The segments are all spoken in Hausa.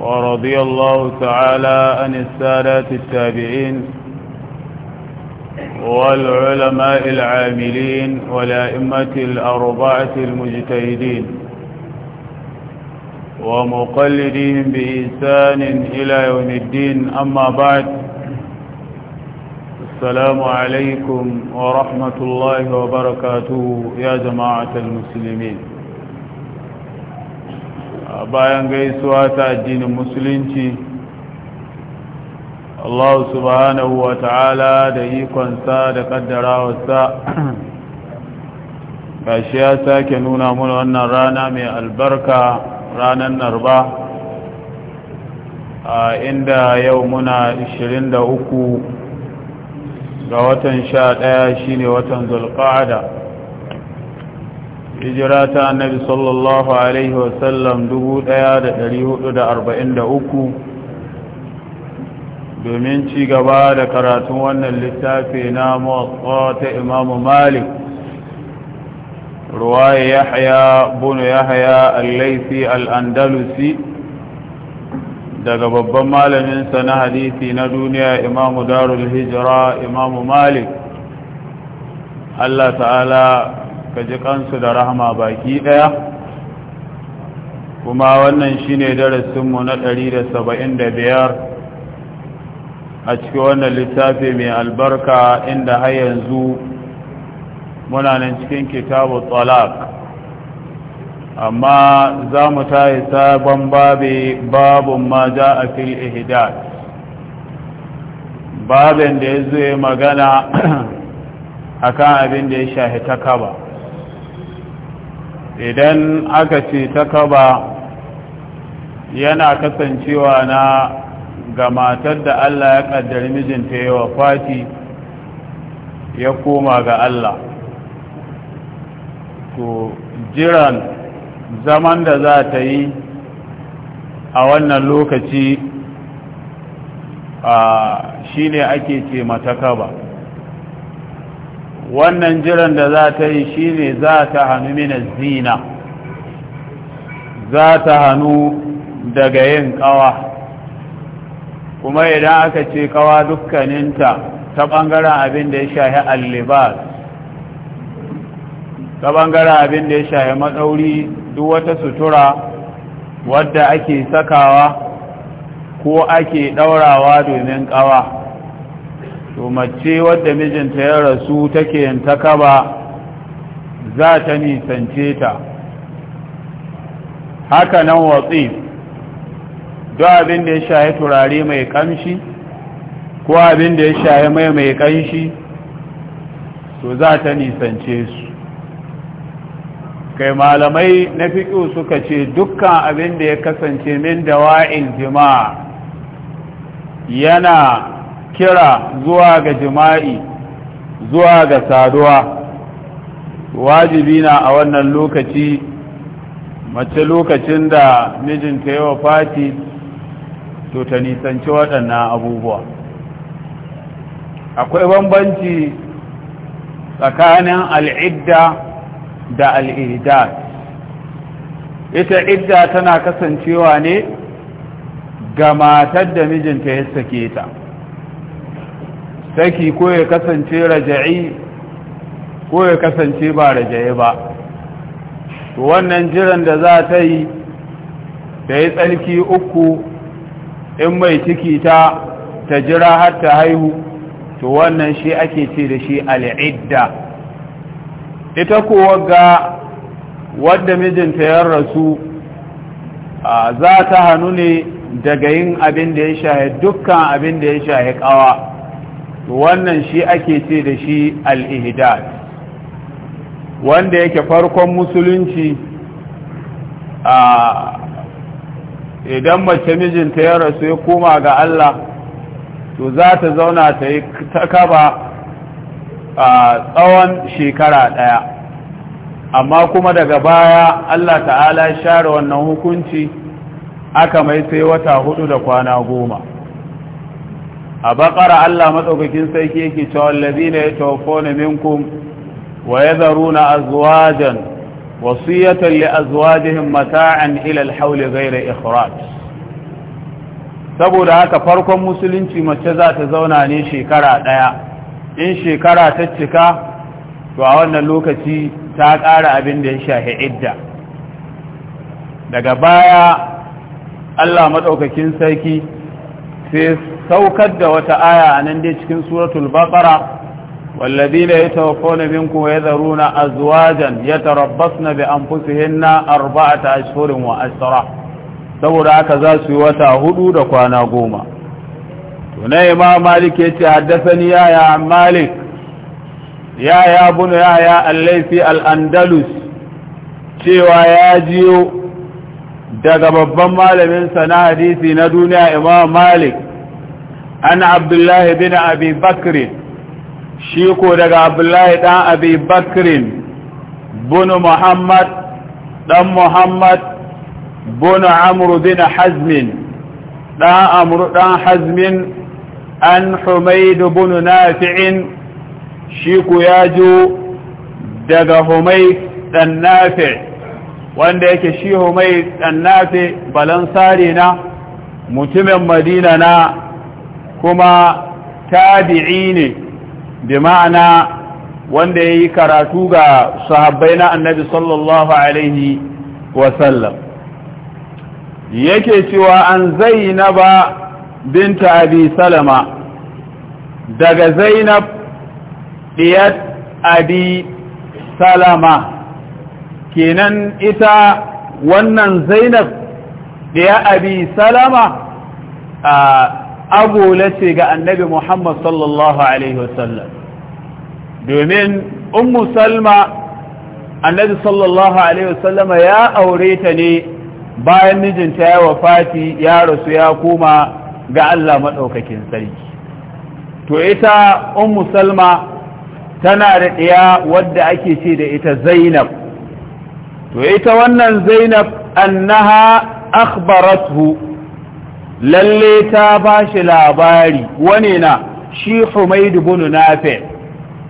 ورضي الله تعالى عن السادات التابعين والعلماء العاملين والأئمة الأربعة المجتهدين ومقلدين بإنسان إلى يوم الدين أما بعد السلام عليكم ورحمة الله وبركاته يا جماعة المسلمين bayan gaisuwa ta addinin musulunci Allah subhanahu wa ta'ala da ikonsa da kaddarawarsa gashi ya sake nuna mana wannan rana mai albarka ranar narba a inda yau muna 23 ga watan 11 shine watan zulqa'ada hijira ta annabi sallallahu alaihi wasallam 1443 domin ci gaba da karatun wannan littafi na mawatsa ta imamu malik ruwaye yahya bunu yahya al-laifi al-andalusi daga babban malaminsa na hadisi na duniya imamu darul hijira imamu malik Allah ta'ala ka ji kansu da rahama baki ɗaya kuma wannan shi shine darasinmu na ɗari da da biyar a cikin wannan littafi mai albarka inda har yanzu muna nan cikin kitabu tsalak amma za mu yi sabon babi babin ma za a fil ihidat babin da ya zo magana akan abin da ya shahi takaba idan aka ce ta kaba yana kasancewa na ga matar da Allah ya kaddar mijinta ya wa Fati ya koma ga Allah to jiran zaman da za ta yi a wannan lokaci a shi ne ake ce mata kaba wannan jiran da za ta yi shi ne za ta hannu mina zina za ta hannu daga yin kawa kuma idan aka ce kawa dukkaninta ta ɓangaren abin da ya shahi allibas ta ɓangaren abin da ya shahi maɗauri duk wata sutura wadda ake sakawa ko ake ɗaurawa domin kawa to mace wadda mijinta ya rasu take yin ta kaba za ta nisance ta haka nan watsi do abin da ya shaye turare mai kamshi ko abin da ya shaye mai mai kanshi to za ta nisance su kai malamai na fiƙo suka ce dukkan abin da ya kasance min da wa'in jima'a yana kira zuwa ga jima'i zuwa ga saduwa wajibi na a wannan lokaci mace lokacin da mijinta yawa fati to ta nisanci waɗannan abubuwa akwai bambanci tsakanin al'idda da al'idda ita idda tana kasancewa ne ga matar da mijinta ya sake ta saki ko ya kasance raja'i ko ya kasance ba raja'i ba wannan jiran da za ta yi da yi tsarki uku in mai ciki ta ta jira har ta haihu to wannan shi ake ce da shi al'idda ita kowa ga wanda mijinta ya rasu za ta hannu ne daga yin abin da ya shahe dukkan abin da ya shahe kawa to wannan shi ake ce da shi al wanda yake farkon musulunci a idan mace mijinta ya rasu ya koma ga Allah to za ta zauna ta yi takaba a tsawon shekara ɗaya amma kuma daga baya Allah ta'ala share wannan hukunci aka mai sai wata hudu da kwana goma a bakara Allah matsaukakin sarki yake cewa allazina yatawaffawna minkum wa yadharuna azwajan wasiyatan li azwajihim mata'an ila al-hawl ghayra ikhraj saboda haka farkon musulunci mace za ta zauna ne shekara daya in shekara ta cika to a wannan lokaci ta ƙara abin da ya shahi idda daga baya Allah maɗaukakin sarki sai saukar da wata aya a nan dai cikin suratul baqara والذين يتوفون منكم ويذرون أزواجا arba'a ta ashirin wa ashira. saboda haka za su yi wata hudu da kwana goma tuna imam malik ya ce haddasani yaya malik yaya bunu yaya allaisi al'andalus cewa ya jiyo daga babban malamin sa na hadisi na duniya imam malik an abdullahi bin abi bakrin shi ko daga abdullahi dan abi bakrin bunu muhammad dan muhammad bunu amru bin hazmin dan amru dan hazmin an humaid bin nafi'in shi ko ya daga humai dan nafi' wanda yake shi humai ɗannafe balansare na mutumin madina na kuma tabi'i ne da ma'ana wanda ya yi karatu ga sahabbai na annabi sallallahu alaihi wasallam yake cewa an zainaba binta abi salama daga zainab Diyar abi salama kenan ita wannan zainab da ya abi salama a agula ce ga annabi muhammad sallallahu alaihi wasallam domin ummu salma annabi sallallahu alaihi wasallama ya aure ta ne bayan mijinta ya wafati ya rasu ya kuma ga allah maɗaukakin sarki to ita ummu salma tana da ɗaya wadda ake ce da ita zainab to ita wannan zainab annaha akhbarathu lalle ta bashi labari wane na shi humaid ibn nafi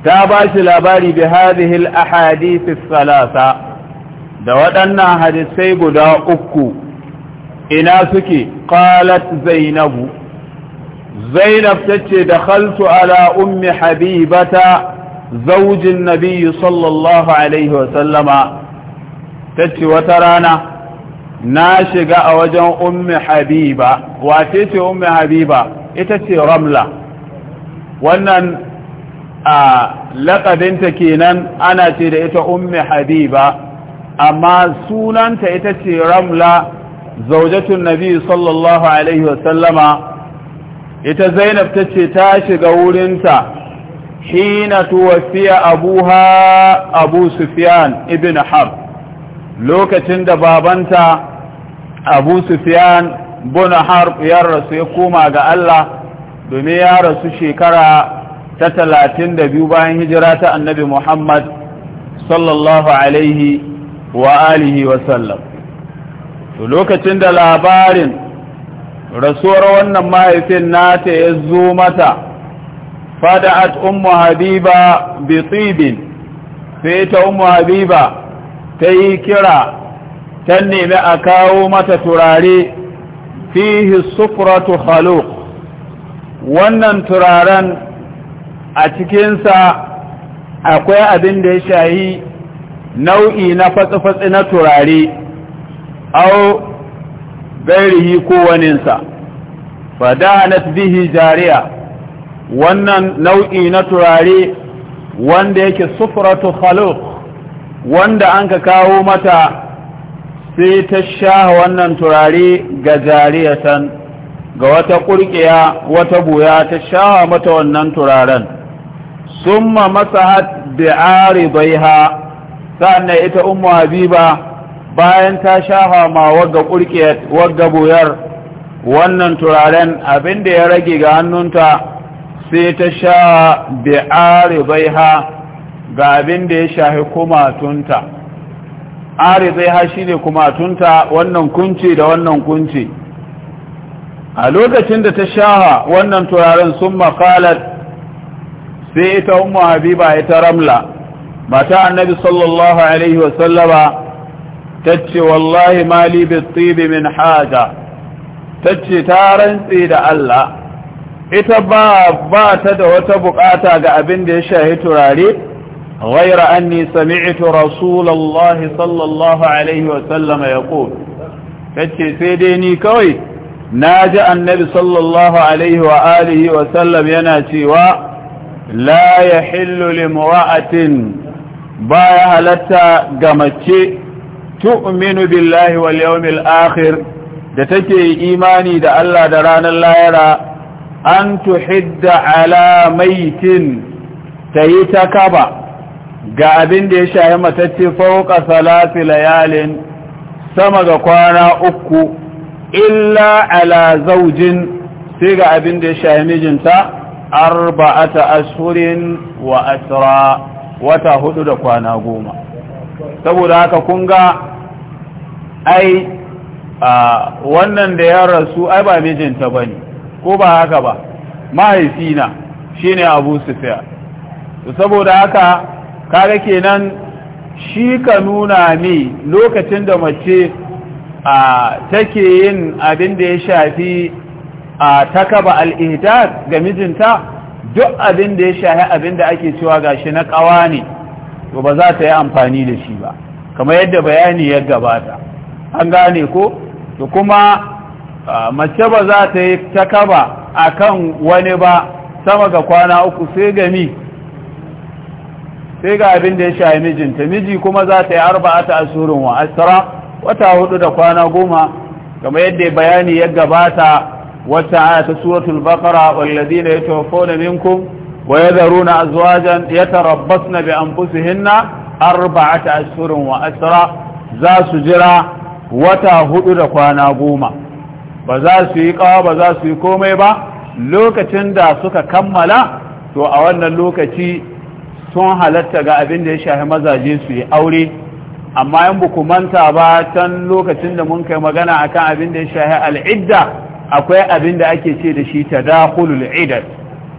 ta bashi labari bi hadhihi al ahadith thalatha da waɗannan hadisai guda uku ina suke qalat zainabu zainab tace dakhaltu ala ummi habibata zawjin nabiyyi sallallahu alaihi wa sallama tace wata rana na shiga a wajen ummi habiba wace ce ummi habiba ita ce ramla wannan a laƙabinta kenan ana ce da ita ummi habiba amma sunanta ita ce ramla zaujatun nabi sallallahu alaihi wasallama ita zainab ta ce ta shiga wurinta hina tuwafiya abuha abu sufiyan ibn harb lokacin da babanta abu sufiyan bin harb ya rasu ya koma ga Allah domin ya rasu shekara ta talatin da biyu bayan hijira ta annabi Muhammad sallallahu alaihi wa alihi lokacin da labarin rasuwar wannan mahaifin nata ya zo mata fada'at ummu habiba bi tibin sai ta ummu habiba ta yi kira ta nemi a kawo mata turare fihi sufuratu haluk wannan turaren a cikinsa akwai abin da ya shayi nau'i na fatsi-fatsi na turare au gairihi kowaninsa na bihi jariya wannan nau'i na turare wanda yake sufuratu haluk wanda an ka kawo mata sai ta sha wannan turare ga jariyatan ga wata ƙurƙiya wata buya ta sha mata wannan turaren summa masahat bi'ari baiha sa'annan ita ummu habiba bayan ta sha ma wagga ƙurƙiyar wagga buyar wannan turaren abinda ya rage ga hannunta sai ta sha bi'ari baiha ga abin da ya shahi kumatunta arizai ha shi ne kumatunta wannan kunce da wannan kunce a lokacin da ta shaha wannan turaren sun makalar sai ita umu habiba ita ramla mata annabi sallallahu alaihi wasallama ta ce wallahi mali bi min haja ta ce ta rantse da Allah ita ba ba ta da wata bukata ga abin da ya shahi turare غير أني سمعت رسول الله صلى الله عليه وسلم يقول فتشي سيديني كوي ناجى النبي صلى الله عليه وآله وسلم يناتي و لا يحل لمرأة بايا هلتا قمتشي تؤمن بالله واليوم الآخر da take imani da Allah da ranar layara an tuhidda ala maitin ta yi ta kaba ga abin da ya shaye matacce fauka salati layalin sama ga kwana uku illa ala zaujin sai ga abin da ya shaye mijinta arba'ata ashurin wa asra wata hudu da kwana goma saboda haka kun ga ai wannan da ya rasu ai ba mijinta bane ko ba haka ba mahaifina shine abu sufiya saboda haka kaga kenan shi ka nuna ne lokacin da mace a take yin abin da ya shafi a takaba al'ihdad ga mijinta duk abin da ya shafi abin da ake cewa gashi na kawa ne to ba za ta yi amfani da shi ba kamar yadda bayani ya gabata an gane ko to kuma mace ba za ta yi takaba akan wani ba sama ga kwana uku sai gami sai ga abin da ya shayi mijinta miji kuma za ta yi arba'ata ashurin wa asra wata hudu da kwana goma kamar yadda bayani ya gabata wata aya ta suratul baqara wal ladina yatawaffawna minkum wa yadharuna azwajan yatarabbasna bi anfusihinna arba'ata ashurin wa asra za su jira wata hudu da kwana goma ba za su yi kawa ba za su yi komai ba lokacin da suka kammala to a wannan lokaci Tun halatta ga abin da ya shafi mazaje su yi aure amma yan buku manta ba can lokacin da mun kai magana akan abin da ya shafi al'idda akwai abin da ake ce da shi tadakhulul iddat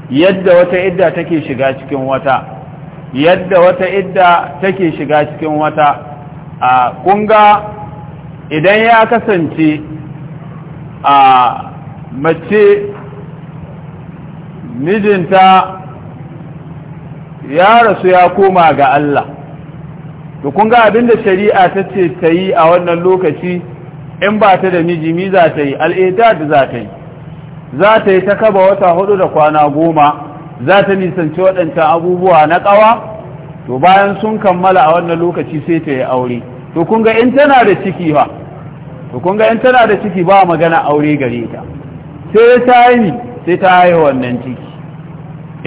yadda wata idda take shiga cikin wata yadda wata idda take shiga cikin wata a kunga idan ya kasance a mace mijinta ya rasu ya koma ga Allah to kun ga abin da shari'a ta ce ta yi a wannan lokaci in ba ta da miji mi za ta yi al'adad za ta yi za ta yi ta kaba wata hudu da kwana goma za ta nisanci waɗancan abubuwa na ƙawa to bayan sun kammala a wannan lokaci sai ta yi aure to kun ga in tana da ciki ba to kun ga in tana da ciki ba magana aure gare ta sai ta yi sai ta haihu wannan ciki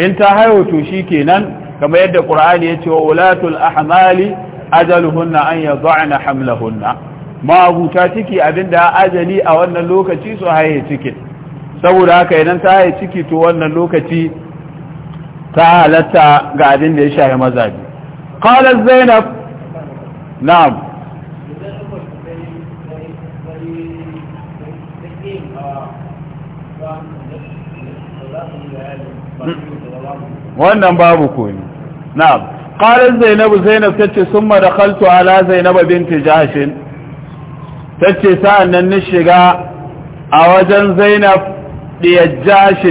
in ta haihu to shi kenan kamar yadda qur'ani ya ce wa ulatul ahmali ajaluhunna an yad'ana hamlahunna maabuta ciki abinda ajali a wannan lokaci su haye ciki saboda haka idan ta haye ciki to wannan lokaci ta halatta ga abin da ya shafi mazabi qalat zainab na'am wannan babu komi na'am qalat zainab zainab tace summa dakhaltu ala zainab binti jahsh tace sa'an ni shiga a wajen zainab diyar jahsh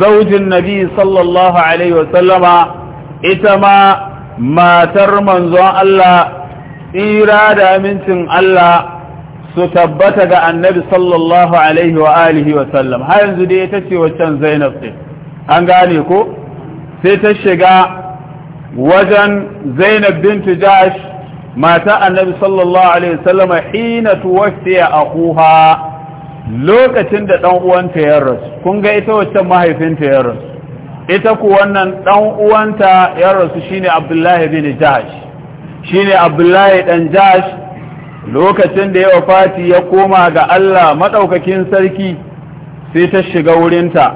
zaujin nabi sallallahu alaihi wa sallama ita ma matar manzon Allah tsira da amincin Allah su tabbata ga annabi sallallahu alaihi wa alihi wa sallam har yanzu dai ita ce waccan zainab din an gane ko sai ta shiga wajen zainab bintu jash mata annabi sallallahu alaihi wasallam hina tuwaffiya akuha lokacin da dan uwanta ya rasu kun ga ita wacce mahaifinta ya rasu ita ku wannan dan uwanta ya rasu shine abdullahi bin jahash shine abdullahi dan jahash lokacin da ya wafati ya koma ga Allah madaukakin sarki sai ta shiga wurinta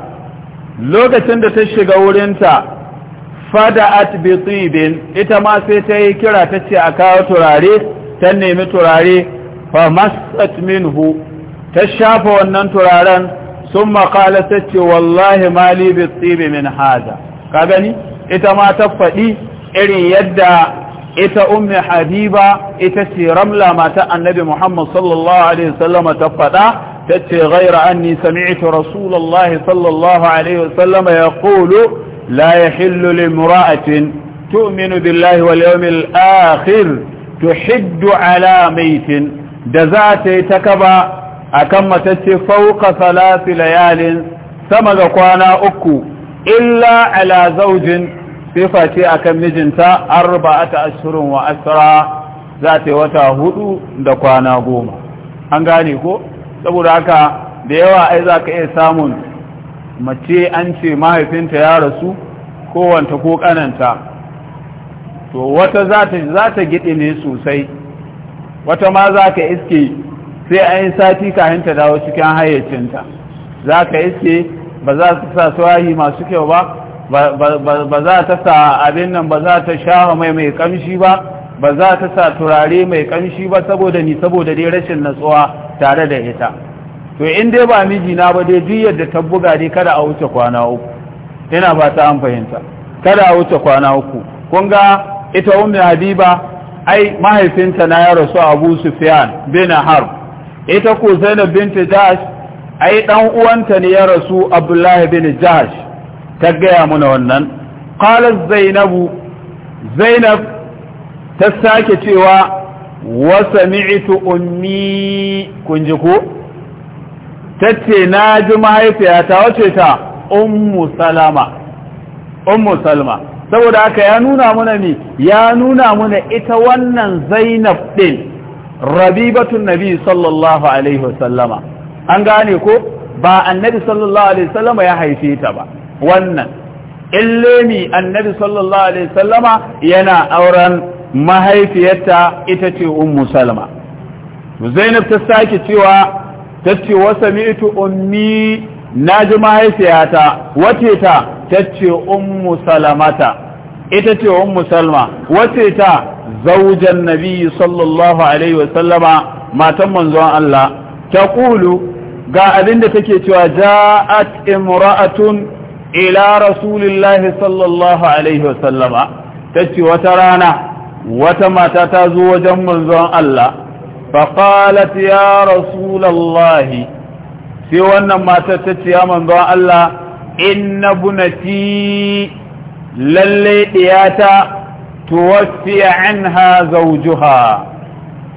lokacin da ta shiga wurinta fada'at bi tibin ita ma sai ta yi kira ta ce a kawo turare ta nemi turare fa masat minhu ta shafa wannan turaren sun makala ta ce wallahi mali bi tibi min haza ka gani ita ma ta faɗi irin yadda ita ummi habiba ita ce ramla mata annabi muhammad sallallahu alaihi wasallam ta faɗa ta ce an anni sami'tu rasulullahi sallallahu alaihi wasallam yaqulu لا يحل لامرأة تؤمن بالله واليوم الآخر تحد على ميت دزات تكبا أكما تتي فوق ثلاث ليال سمد قوانا أكو إلا على زوج صفتي أكم نجنتا أربعة أشهر وأسرى ذات وتهدو دقوانا قوما أنغاني كو سبو راكا da yawa ai za ka iya samun mace an ce mahaifinta ya rasu kowanta ko kananta to wata za ta gidi ne sosai wata ma za ka iske sai an yi sati kayan ta dawo cikin hayyacinta za ka iske ba za ta sa suwahi masu kyau ba ba za ta sa abin nan ba za ta sha mai mai kamshi ba ba za ta sa turare mai kamshi ba saboda ni saboda dai rashin natsuwa tare da ita to in dai ba miji na ba dai duk yadda ta buga dai kada a wuce kwana uku ina ba ta an fahimta kada a wuce kwana uku kun ga ita ummi habiba ai mahaifinta na ya rasu abu sufyan bin harb ita ko zainab bint jahsh ai dan uwanta ne ya rasu abdullahi bin jahsh ta gaya muna wannan qalat zainabu zainab ta sake cewa wa sami'tu ummi kun ji ko tace na ji mahaifiyata wace ta ummu salama ummu salma saboda haka ya nuna mana ne ya nuna mana ita wannan zainab din rabibatun nabi sallallahu alaihi wasallama an gane ko ba annabi sallallahu alaihi wasallama ya haife ta ba wannan illemi annabi sallallahu alaihi wasallama yana auren mahaifiyarta ita ce ummu salma zainab ta sake cewa tace wa sami'tu ummi ji mahaifiyata wace ta ce ummu salamata ita ce ummu salma wace ta zaujan nabi sallallahu alaihi wa sallama matan manzon Allah kulu, ga abinda take cewa ja'at imra'atun ila rasulillahi sallallahu alaihi wa sallama tace wata rana wata mata ta zo wajen manzon Allah فقالت يا رسول الله sai wannan matar ta ya manzon Allah inna bunati lalle diyata tuwaffi anha zawjuha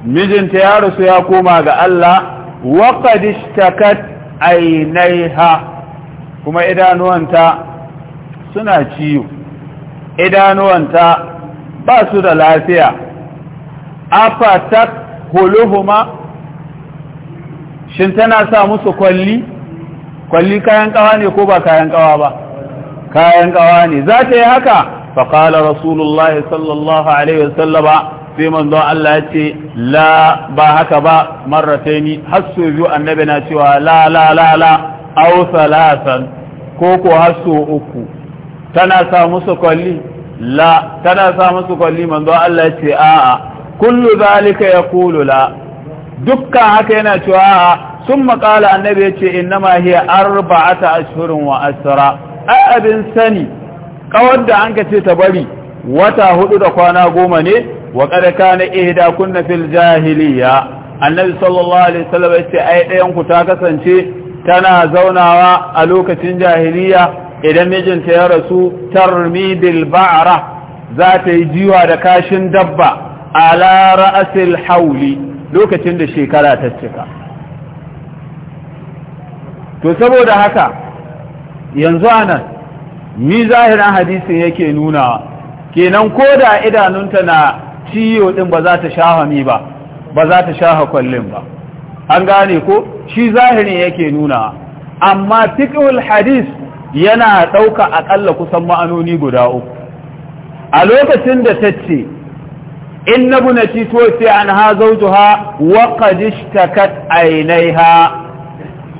mijinta ya rasu ya koma ga Allah wa qad ishtakat aynaiha kuma idanuwanta suna ciwo idanuwanta ba su da lafiya afatak huluhuma shin tana sa musu kwalli kwalli kayan kawa ne ko ba kayan kawa ba kayan kawa ne za ta yi haka faƙala rasulullahi sallallahu alaihi wasallama sai manzo Allah ya ce la ba haka ba marrataini har so biyu annabi na cewa la la la la aw salasan ko ko har so uku tana sa musu kwalli la tana sa musu kwalli manzo Allah ya ce a'a kullu zalika ya kulula. dukkan haka yana cewa sun maƙala annabi ya ce innama hiya arba'ata ashirin wa asra ai abin sani kawar da an ce ta bari wata huɗu da kwana goma ne wa qad kana ihda kunna fil jahiliya annabi sallallahu alaihi wasallam ya ce ai ɗayan ku ta kasance tana zaunawa a lokacin jahiliya idan mijinta ya rasu tarmi bil ba'ra za ta yi jiwa da kashin dabba ala ra'asil hauli lokacin da shekara ta cika to saboda haka yanzu anan ni zahirin hadisin yake nuna kenan ko da idanunta na ciyo din ba za ta shaha mi ba ba za ta shaha kwallin ba an gane ko shi zahirin yake nuna amma fiqhul hadis yana ɗauka akalla kusan ma'anoni guda uku a lokacin da tace in buna to sai an ha zawjuha wa qad ishtakat aynaiha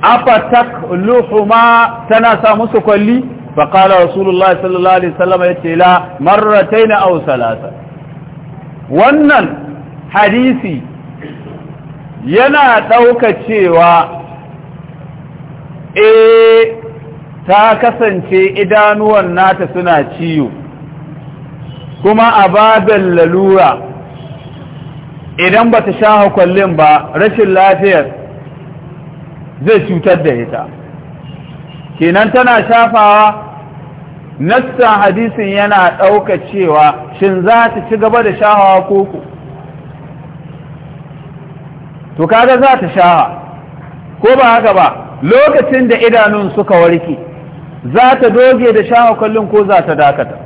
afa takluhuma tana sa musu kwalli fa qala rasulullah sallallahu alaihi ya ce la marratayn aw salasa wannan hadisi yana ɗaukacewa cewa eh ta kasance idanuwan nata suna ciyo kuma a babin lalura idan ba ta sha kwallin ba rashin lafiyar zai cutar da ita kenan tana shafawa nassan hadisin yana ɗauka cewa shin za ta ci gaba da shahawa koko to kaga za ta shaha ko ba haka ba lokacin da idanun suka warke za ta doge da shaha kullum ko za ta dakata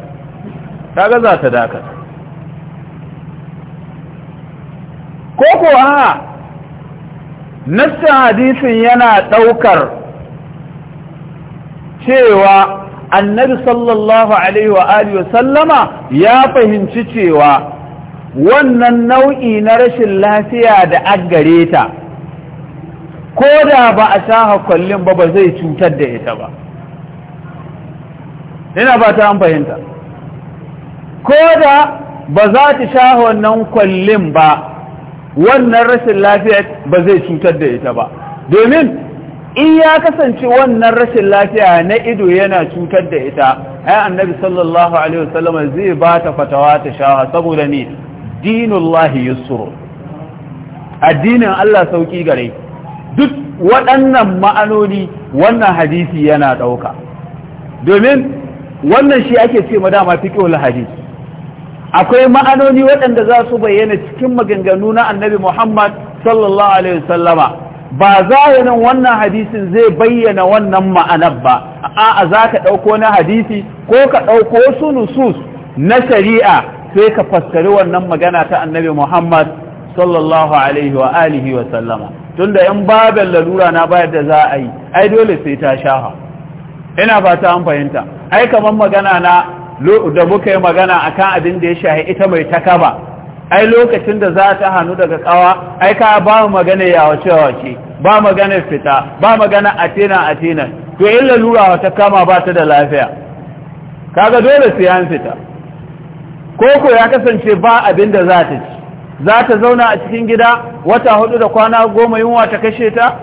kaga za ta dakata ko ko a nassin hadisin yana ɗaukar cewa annabi sallallahu alaihi wa alihi wa sallama ya fahimci cewa wannan nau'i na rashin lafiya da aggare ko da ba a sha kwallin ba ba zai cutar da ita ba ina ba ta fahimta ko da ba za ta sha wannan kwallin ba wannan rashin lafiyar ba zai cutar da ita ba domin in ya kasance wannan rashin lafiya na ido yana cutar da ita ai annabi sallallahu alaihi wasallam zai ba ta fatawa ta shawa saboda ne dinullahi yusru addinin Allah sauki gare duk waɗannan ma'anoni wannan hadisi yana ɗauka domin wannan shi ake ce ma dama fiqhul hadisi akwai ma'anoni waɗanda za su bayyana cikin maganganu na annabi Muhammad sallallahu alaihi wasallama ba zahirin wannan hadisin zai bayyana wannan ma'anar ba a'a za ka ɗauko na hadisi ko ka ɗauko su nusus na shari'a sai ka fassari wannan magana ta annabi Muhammad sallallahu alaihi wa alihi wa sallama tunda yan babin lalura na bayar da za a yi ai dole sai ta shafa ina fata an fahimta ai kamar magana na da muka yi magana akan abin da ya shahi ita mai takaba ai lokacin da za ta hannu daga kawa ai ka ba magana yawace wace ba magana fita ba magana atina atina to illa lura ta kama ba ta da lafiya kaga dole sai an fita koko ya kasance ba abin da za ta ci za ta zauna a cikin gida wata hudu da kwana goma yunwa ta kashe ta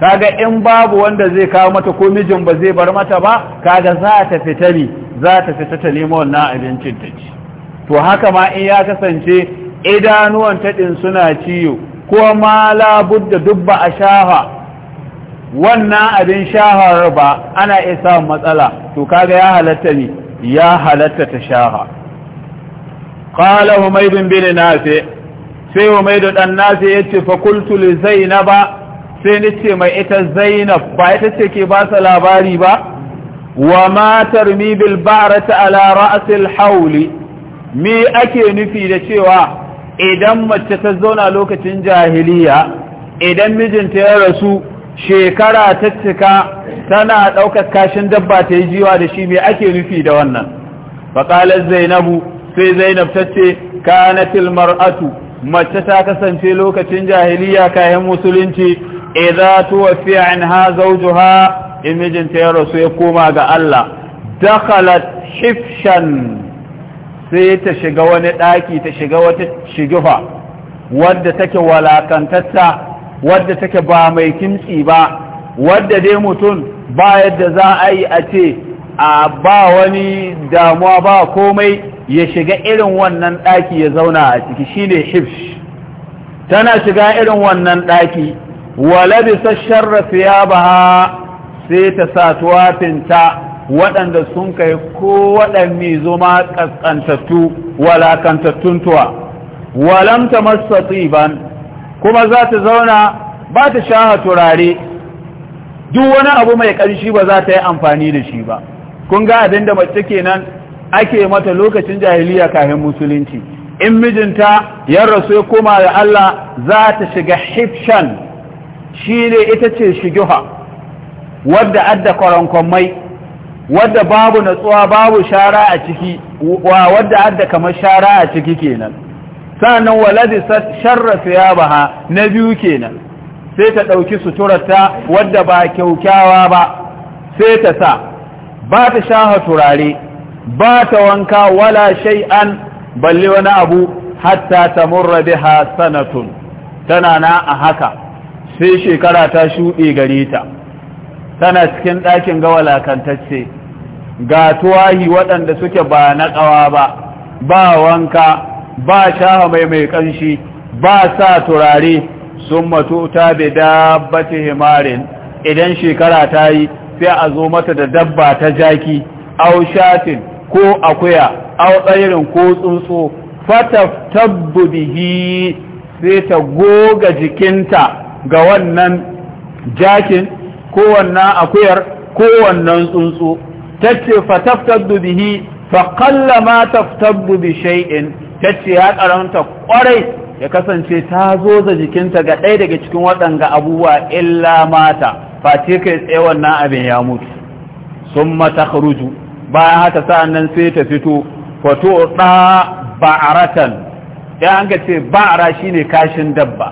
kaga in babu wanda zai kawo mata ko mijin ba zai bar mata ba kaga za ta fita ne za ta fita ta nemo wannan abincin ta ci to haka ma in ya kasance idanuwan ta taɗin suna ciyo ko ma labudda duk ba a shafa wannan abin shahar ba ana iya samun matsala to kaga ya halatta ne ya halatta ta shaha qala humayd bin nafi sai humayd dan nafi yace fa qultu li ba? sai nace mai ita zainab ba ita ce ke ba sa labari ba wa ma tarmi bil ba'rata ala ra'sil hauli me ake nufi da cewa idan mace ta zauna lokacin jahiliya idan mijinta ya rasu shekara ta cika tana ɗaukar kashin dabba ta yi jiwa da shi me ake nufi da wannan Baƙalar zainabu sai zainab ta ce kanatil mar'atu mace ta kasance lokacin jahiliya kayan musulunci idza tuwfi anha zawjuha in mijinta ya rasu ya koma ga Allah dakhalat hifshan sai ta shiga wani daki ta shiga wata shigifa wadda take walakantatta wadda take ba mai kimtsi ba wadda dai mutum ba yadda za a yi a ce a ba wani damuwa ba komai ya shiga irin wannan daki ya zauna a ciki shine hifsh tana shiga irin wannan daki wa labisa sharra thiyabaha sai ta sa tuwafinta waɗanda sun kai ko waɗanne zoma ƙasƙantattu walakantattun tuwa walam ta masa tsiban kuma za ta zauna ba ta shaha turare duk wani abu mai ƙarshi ba za ta yi amfani da shi ba kun ga abin da mace kenan ake mata lokacin jahiliya kafin musulunci in mijinta ya rasu ya koma da Allah za ta shiga hifshan shi ne ita ce shigiha wadda adda kwarankwamai wadda babu natsuwa babu shara a ciki wa wadda adda kamar shara a ciki kenan sannan waladi sharra siyabaha na biyu kenan sai ta ɗauki suturarta wadda ba kyaukyawa ba sai ta sa ba ta shaha turare ba ta wanka wala shay'an balle wani abu hatta ta murra biha sanatun tana na a haka sai shekara ta shuɗe gare ta tana cikin ɗakin ga walakantacce ga tuwahi waɗanda suke ba na ƙawa ba ba wanka ba shaha mai mai ƙanshi ba sa turare sun matu ta bai dabbati himarin idan shekara ta yi sai a zo mata da dabba ta jaki au shatin ko akuya au tsairin ko tsuntsu fata tabbubihi sai ta goga jikinta ga wannan jakin kowanne akuyar kowanne tsuntsu tace fa taftaddu bihi fa qalla ma taftaddu bi shay'in tace ya karanta kwarai ya kasance ta zo da jikinta ga ɗaya daga cikin waɗanga abubuwa illa mata ce kai tsaye wannan abin ya mutu sun mata kharuju bayan haka sa'an nan sai ta fito fato ɗa ba'aratan ya an ce ba'ara shine kashin dabba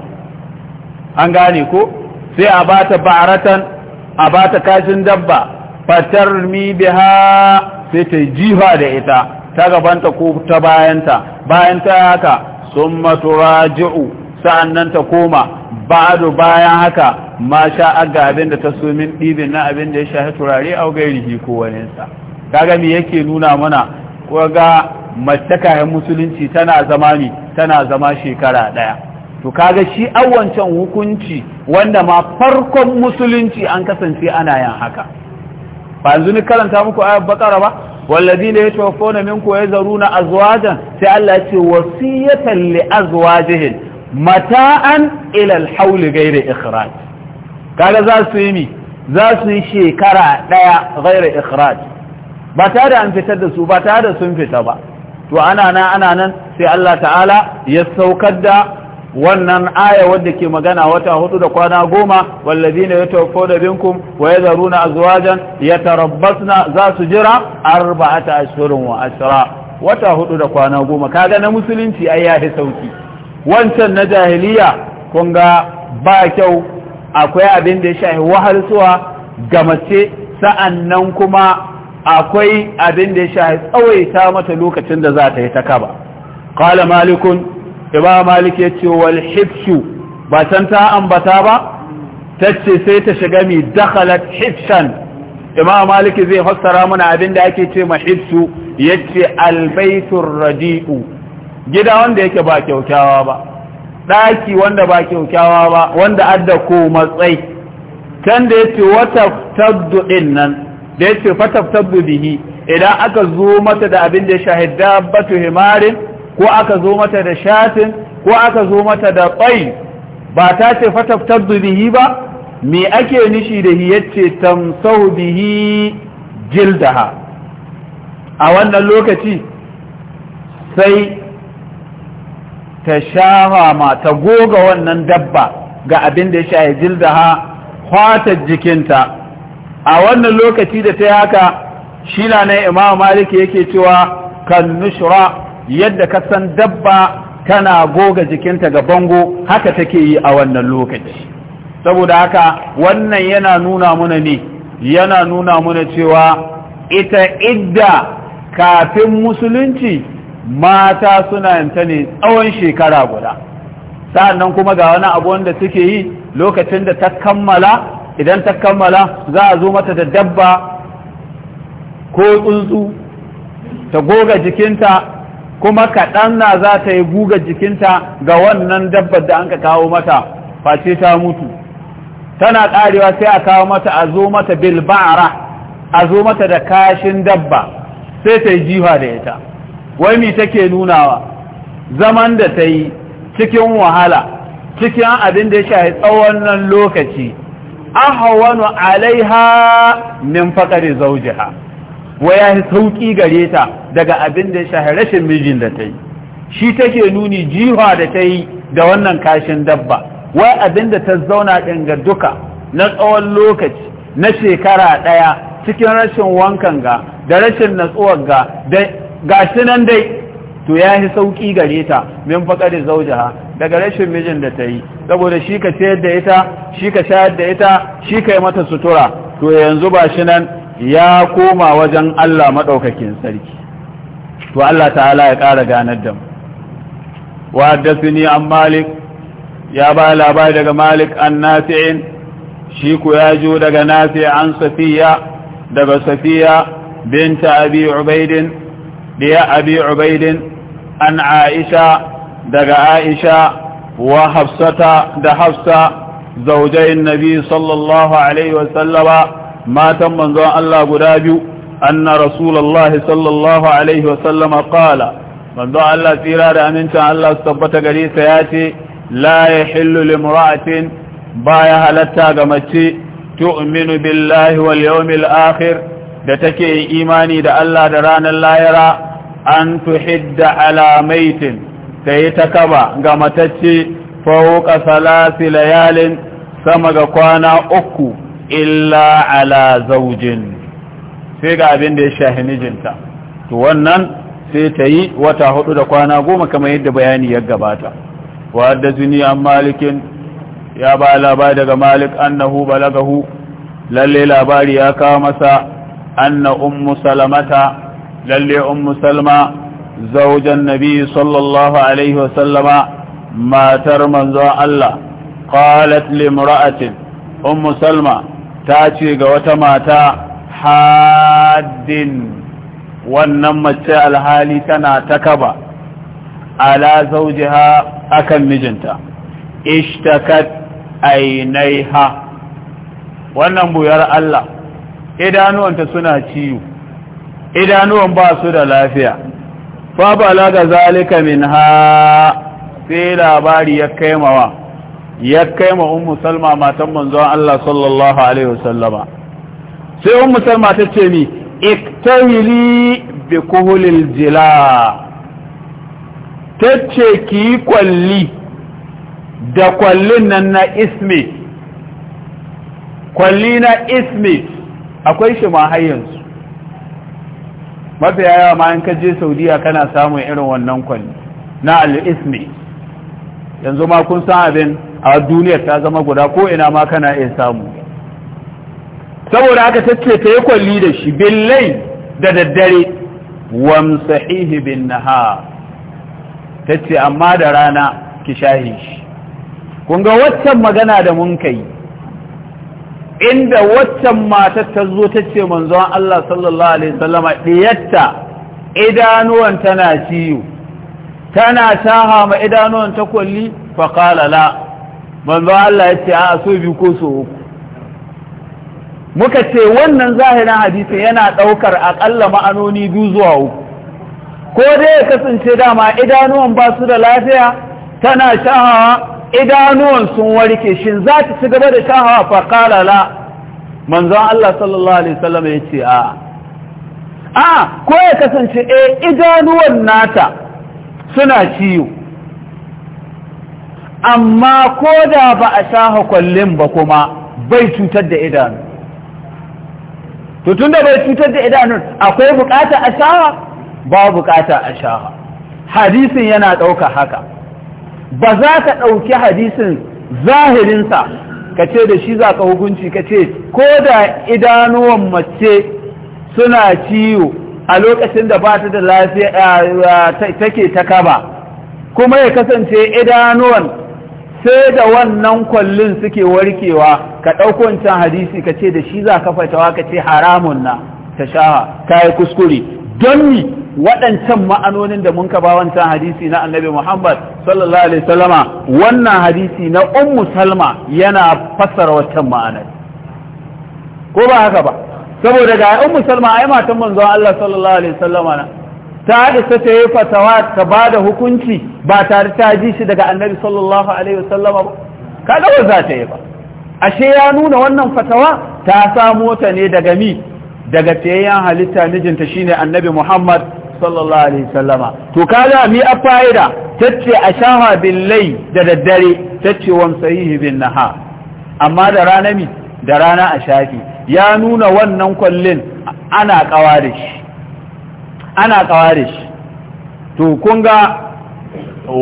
an gane ko sai a bata ba'aratan a ba ta kashin dabba fatar mi biha sai ta jifa da ita ta gabanta ko ta bayanta bayan ta haka sun maturaji'u sa'annan ta koma ba'adu bayan haka ma sha aga abin da ta so min ɗibin na abin da ya sha turare a gairihi ko waninsa kaga me yake nuna mana ko ga mace musulunci tana zama ne tana zama shekara ɗaya to kaga shi awwancan hukunci wanda ma farkon musulunci an kasance ana yin haka ba yanzu ni karanta muku ayat bakara ba na yatawaffawna minkum wa zaruna azwajan sai Allah ya ce wasiyatan li an mata'an ila al-hawl ghayra ikhraj kaga za su yi mi za su yi shekara daya ghayra ikhraj ba tare da an fitar da su ba tare da sun fita ba to ana nan ana nan sai Allah ta'ala ya saukar da wannan aya wadda ke magana wata hudu da kwana goma wallazina yatawaffawna minkum wa yadharuna azwajan yatarabbasna za su jira arba'ata ashhurin wa ashra wata hudu da kwana goma kaga na musulunci ai ya fi sauki wancan na jahiliya kun ga ba kyau akwai abin da ya shafi wahalsuwa ga mace sa'annan kuma akwai abin da ya shafi tsawaita mata lokacin da za ta yi ta kaba Kale malikun imam malik ya wal hifsu ba can ta ambata ba tace sai ta shiga mi dakhalat hifsan imam malik zai fassara mana abin da ake ce ma hifsu yace al baitur radi'u gida wanda yake ba kyaukyawa ba daki wanda ba kyaukyawa ba wanda adda ko matsayi kan da yace wata tabdu din da yace tabdu bihi idan aka zo mata da abin da shahidda batu himarin ko aka zo mata da shatin ko aka zo mata da ƙwai ba ta ce fataftar bihi ba me ake nishi da yace tamsahu bihi jildaha a wannan lokaci sai ta shama ta goga wannan dabba ga abin da ya shaye jildaha kwatar jikinta a wannan lokaci da ta yi haka shi na imam malik yake cewa kan nushra yadda ka san dabba tana goga jikinta ga bango haka take yi a wannan lokaci saboda haka wannan yana nuna muna ne yana nuna muna cewa ita idda kafin musulunci mata suna yanta ne tsawon shekara guda sa'annan kuma ga wani abu wanda suke yi lokacin da ta kammala idan ta kammala za a zo mata da dabba ko tsuntsu ta goga jikinta kuma kaɗan na za ta yi guga jikinta ga wannan dabbar da an ka kawo mata face ta mutu tana ƙarewa sai a kawo mata a zo mata bilba'ara a zo mata da kashin dabba sai ta yi jifa da ita wai mi take nunawa zaman da ta yi cikin wahala cikin abin da ya shahi tsawon nan lokaci an ahawanu alaiha min faƙari zaujiha waya ya sauki gare ta daga abin da shahe rashin mijin da ta yi shi take nuni jiha da ta yi da wannan kashin dabba wai abin da ta zauna ɗin duka na tsawon lokaci na shekara ɗaya cikin rashin wankan ga da rashin natsuwar ga da gashi nan dai to ya yi sauƙi gare ta min da zaujaha daga rashin mijin da ta yi saboda shi ka da ita shi ka shayar da ita shi ka yi mata sutura to yanzu ba shi nan ya koma wajen Allah maɗaukakin sarki to Allah ta'ala ya ƙara ganar da mu wa an malik ya ba labari daga malik an nafi'in shi ku ya jo daga nafi an safiya daga safiya binta abi ubaidin diya abi ubaidin an aisha daga aisha wa hafsata da hafsa zaujayin nabi sallallahu alaihi wasallama matan manzon Allah guda biyu anna rasulullah sallallahu alaihi wasallam qala manzon Allah tsira da amincin Allah su tabbata gare sa yace la yahillu limra'atin baya halatta ga mace tu'minu billahi wal yawmil akhir da take imani da Allah da ranar lahira an tuhidda ala maitin tayi kaba ga matacce fawqa salasi layalin sama ga kwana uku illa ala zaujin sai ga abin da ya shahi mijinta to wannan sai ta yi wata hudu da kwana goma kamar yadda bayani ya gabata wadda jini an malikin ya ba labari daga malik annahu balagahu lalle labari ya kawo masa anna ummu salamata lalle ummu salma zaujan nabi sallallahu alaihi wasallama matar manzon Allah qalat limra'atin ummu salma ta ce ga wata mata haddin wannan mace alhali tana ta kaba ala zaujiha akan mijinta ishtakat ainaiha wannan buyar Allah idanuwanta suna ciwo idanuwan ba su da lafiya fa ga zalika min ha. sai labari ya kaimawa ya kai ma ummu salma matan manzon Allah sallallahu alaihi wasallama sai ummu salma ta ce mi iktayili bi kuhulil jila tace ki kwalli da kwallin nan na ismi kwalli na ismi akwai shi ma har yanzu mafi yawa ma in ka je saudiya kana samun irin wannan kwalli na al-ismi yanzu ma kun san abin a duniyar ta zama guda ko ina ma kana iya samu saboda haka tace ta yi kwalli da shi billai da daddare wamsahihi bin naha tace amma da rana ki shahi shi kun ga waccan magana da mun kai inda waccan matar ta zo ta ce manzon Allah sallallahu alaihi wasallama diyatta idanuwan tana ciwo tana taha ma idanuwan ta kwalli fa qala la manzo Allah ya ce a so biyu ko so uku muka ce wannan zahirin hadisin yana ɗaukar aƙalla ma'anoni biyu zuwa uku ko dai ya kasance dama idanuwan ba su da lafiya tana shahawa idanuwan sun warke shin za ta ci gaba da shahawa fa qala la manzo Allah sallallahu alaihi wasallam ya ce a a ko ya kasance eh idanuwan nata suna ciwo amma ko da ba a sa hakwallin ba kuma bai cutar da idanu to tun da bai cutar da idanu akwai bukata a shaha ba bukata a shaha hadisin yana ɗauka haka ba za ka ɗauki hadisin zahirinsa ka ce da shi za ka hukunci ka ce ko da idanuwan mace suna ciwo a lokacin da ba ta da lafiya eh, eh, take ta kaba kuma ya kasance idanuwan sai da wannan kwallin suke warkewa ka ɗauko wancan hadisi ka ce da shi za ka fatawa ka ce haramun na ta sha ta yi kuskure don ni waɗancan ma'anonin da mun ka ba wancan hadisi na annabi muhammad sallallahu alaihi sallama wannan hadisi na ummu salma yana fassara wancan ma'anar ko ba haka ba saboda ga ummu salma ai matan manzon allah sallallahu alaihi sallama na ta isa ta yi fatawa ta ba da hukunci ba tare ta ji shi daga annabi sallallahu alaihi wasallama ba ba za ta yi ba ashe ya nuna wannan fatawa ta samo ta ne daga mi daga fiyayyen halitta mijinta shine annabi muhammad sallallahu alaihi wasallama to kaga mi a fa'ida tacce a shaha lai da daddare tace wamsahihi bin naha amma da rana mi da rana a shafi ya nuna wannan kwallin ana kawa da shi ana kaware shi to kun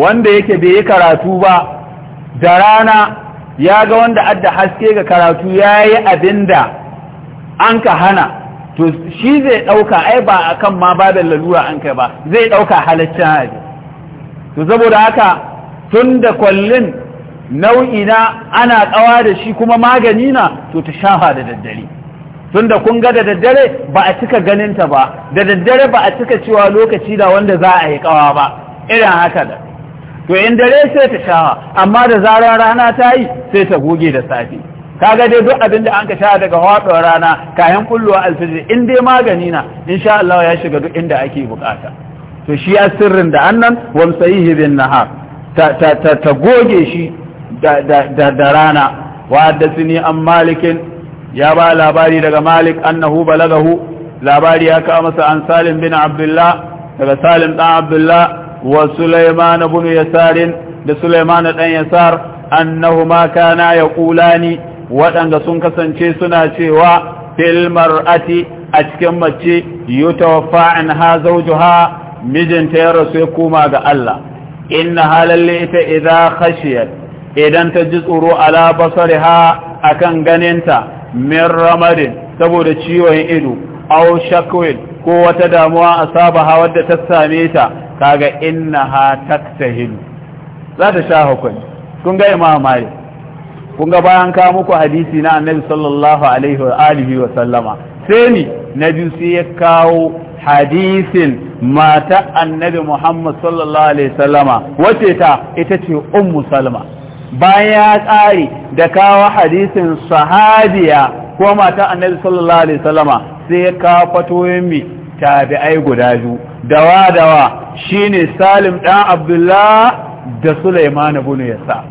wanda yake bai yi karatu ba da rana ya ga wanda adda haske ga karatu ya yi abinda an ka hana to shi zai ɗauka ai ba a kan ma babin lalura an kai ba zai ɗauka halaccin haji to saboda haka tun da kwallin nau'i na ana ƙawa da shi kuma magani na to ta shafa da daddare tunda kun ga da daddare ba a cika ganin ta ba da daddare ba a cika cewa lokaci da wanda za a yi kawa ba irin haka da to in dare sai ta sha amma da zarar rana ta yi sai ta goge da safe kaga dai duk abin da an ka sha daga haɗuwar rana kayan kulluwa alfijir in dai magani na insha Allah ya shiga duk inda ake bukata to shi ya sirrin da annan wamsayihi bin nahar ta ta ta, goge shi da da da, rana wa haddathani an malikin ya ba labari daga malik annahu balagahu labari ya kawo masa an salim bin abdullah daga salim dan abdullah wa sulaiman ibn yasar da sulaiman dan yasar annahuma kana yaqulani waɗanda sun kasance suna cewa fil mar'ati a cikin mace yutawaffa ha zawjuha mijinta ya rasu ya koma ga Allah inna halalle ita idza khashiyat idan ta ji tsoro ala basariha akan ganinta min ramadin saboda ciwon ido aw shakwil ko wata damuwa asabaha wadda ta same ta kaga innaha taktahilu za ta sha hukun kun ga imam malik kun ga bayan ka muku hadisi na annabi sallallahu alaihi wa alihi wa sallama sai ni na biyu sai ya kawo hadisin mata annabi muhammad sallallahu alaihi wa sallama wace ta ita ce ummu salma bayan ya tsari da kawo hadisin sahabiya ko mata annabi sallallahu alaihi wasallama sai ya kawo fatoyin tabi'ai guda biyu dawa dawa shine Salim dan Abdullah da Sulaiman ibn Yasa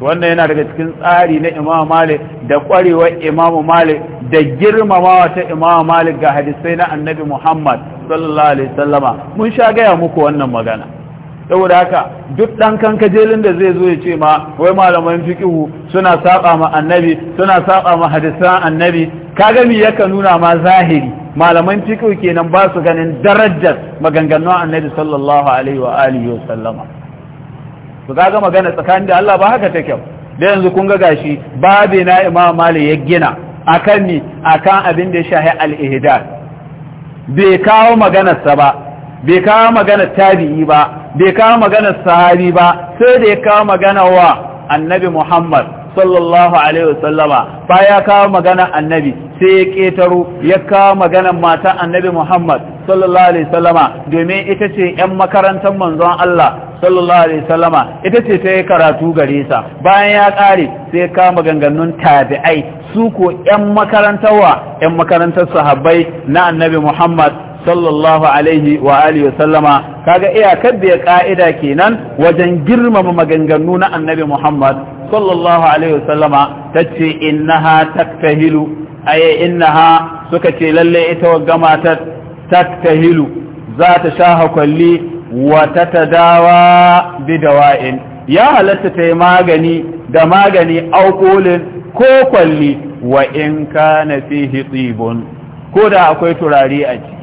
wannan yana daga cikin tsari na Imam Malik da kwarewar Imam Malik da girmamawa ta Imam Malik ga hadisai na Annabi Muhammad sallallahu alaihi wasallama mun sha gaya muku wannan magana saboda haka duk ɗan kajelin da zai zo ya ce ma wai malaman fiqihu suna saba ma annabi suna saba ma hadisan annabi kaga mi yaka nuna ma zahiri malaman fiqihu kenan ba su ganin darajar maganganun annabi sallallahu alaihi wa alihi wasallama to kaga magana tsakanin da Allah ba haka take da yanzu kun ga gashi babe na imam malik ya gina akan ni akan abin da ya shahi al-ihdad bai kawo maganar sa ba bai kawo magana tabi'i ba bai kawo magana sahabi ba sai da ya kawo magana wa annabi Muhammad sallallahu alaihi wasallama ba ya kawo magana annabi sai ya ketaro ya kawo magana mata annabi Muhammad sallallahu alaihi wasallama domin ita ce yan makarantar manzon Allah sallallahu alaihi wasallama ita ce ta yi karatu gare sa bayan ya ƙare sai ya kawo maganganun tabi'ai su ko yan wa yan makarantar sahabbai na annabi Muhammad sallallahu alaihi wa alihi wa sallama kaga iyakar da ya ka'ida kenan wajen girmama maganganu na annabi Muhammad sallallahu alaihi wa sallama tace innaha taktahilu aye innaha suka ce lalle ita gama matar taktahilu za ta sha hakwalli wa ta tadawa bidawa'in ya halatta ta yi magani da magani aukolin ko kwalli wa in kana fihi tsibun ko da akwai turare a ciki